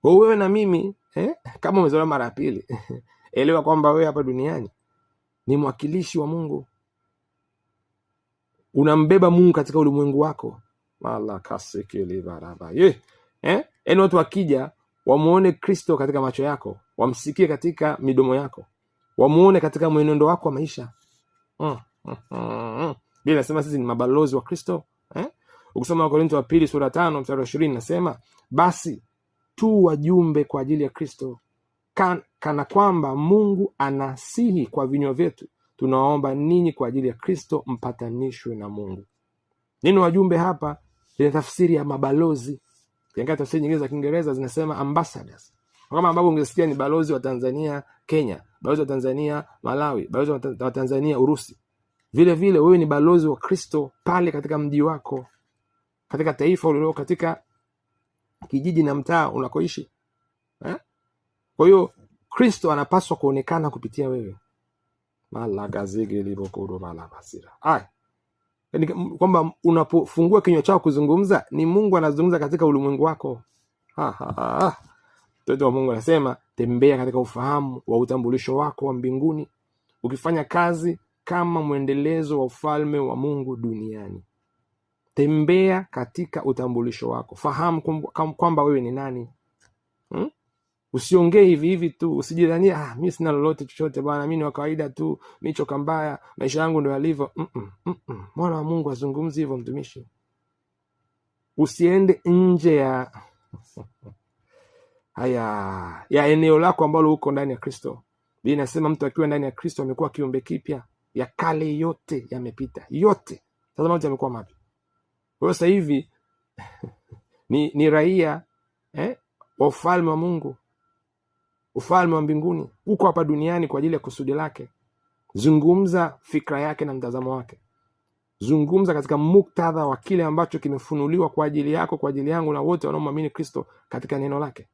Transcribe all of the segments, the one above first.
Kwa wewe na mimi eh, kama umezoea mara ya pili elewa kwamba wewe hapa duniani ni mwakilishi wa Mungu, unambeba Mungu katika ulimwengu wako. Ye, eh, yaani watu wakija wamuone Kristo katika macho yako, wamsikie katika midomo yako, wamuone katika mwenendo wako wa maisha. Mm, mm, mm, Biblia inasema sisi ni mabalozi wa Kristo. Ukisoma wakorinto wa pili sura tano mstari wa ishirini nasema basi tu wajumbe kwa ajili ya Kristo kan, kana kwamba Mungu anasihi kwa vinywa vyetu, tunawaomba ninyi kwa ajili ya Kristo mpatanishwe na Mungu. nini wajumbe hapa lina tafsiri ya mabalozi. kiangaa tafsiri nyingine za Kiingereza zinasema ambassadors, kama ambavyo ungesikia ni balozi wa Tanzania Kenya, balozi wa Tanzania Malawi, balozi wa Tanzania Urusi. Vile vile wewe ni balozi wa Kristo pale katika mji wako katika taifa ulio katika kijiji na mtaa unakoishi eh? Kwa hiyo Kristo anapaswa kuonekana kupitia wewe yaani kwamba unapofungua kinywa chako kuzungumza ni Mungu anazungumza katika ulimwengu wako. Mtoto wa Mungu anasema tembea katika ufahamu wa utambulisho wako wa mbinguni, ukifanya kazi kama mwendelezo wa ufalme wa Mungu duniani tembea katika utambulisho wako, fahamu kwamba wewe ni nani hmm? Usiongee hivi hivi tu, usijidhania ah, mi sina lolote chochote bwana, mi ni wa kawaida tu, mi choka mbaya, maisha yangu ndo yalivyo. Mwana wa Mungu azungumzi hivyo, mtumishi. Usiende nje ya haya ya eneo lako ambalo uko ndani ya Kristo. Biblia inasema mtu akiwa ndani ya Kristo amekuwa kiumbe kipya, ya kale yote yamepita, yote. Sasa mtu amekuwa mapya kwa sasa hivi ni, ni raia eh, wa ufalme wa Mungu, ufalme wa mbinguni, huko hapa duniani kwa ajili ya kusudi lake. Zungumza fikra yake na mtazamo wake, zungumza katika muktadha wa kile ambacho kimefunuliwa kwa ajili yako, kwa ajili yangu na wote wanaomwamini Kristo katika neno lake.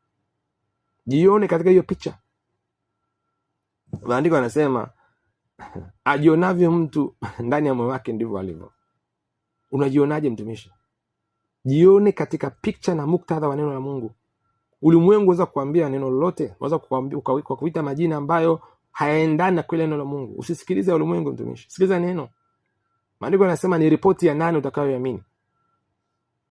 Jione katika hiyo picha. Maandiko anasema ajionavyo mtu ndani ya moyo wake ndivyo alivyo. Unajionaje mtumishi? Jione katika picha na muktadha wa neno la Mungu. Ulimwengu unaweza kukuambia neno lolote, unaweza kuita majina ambayo hayaendani na kweli neno la Mungu. Usisikilize ulimwengu mtumishi, sikiliza neno. Maandiko anasema ni ripoti ya nani utakayoamini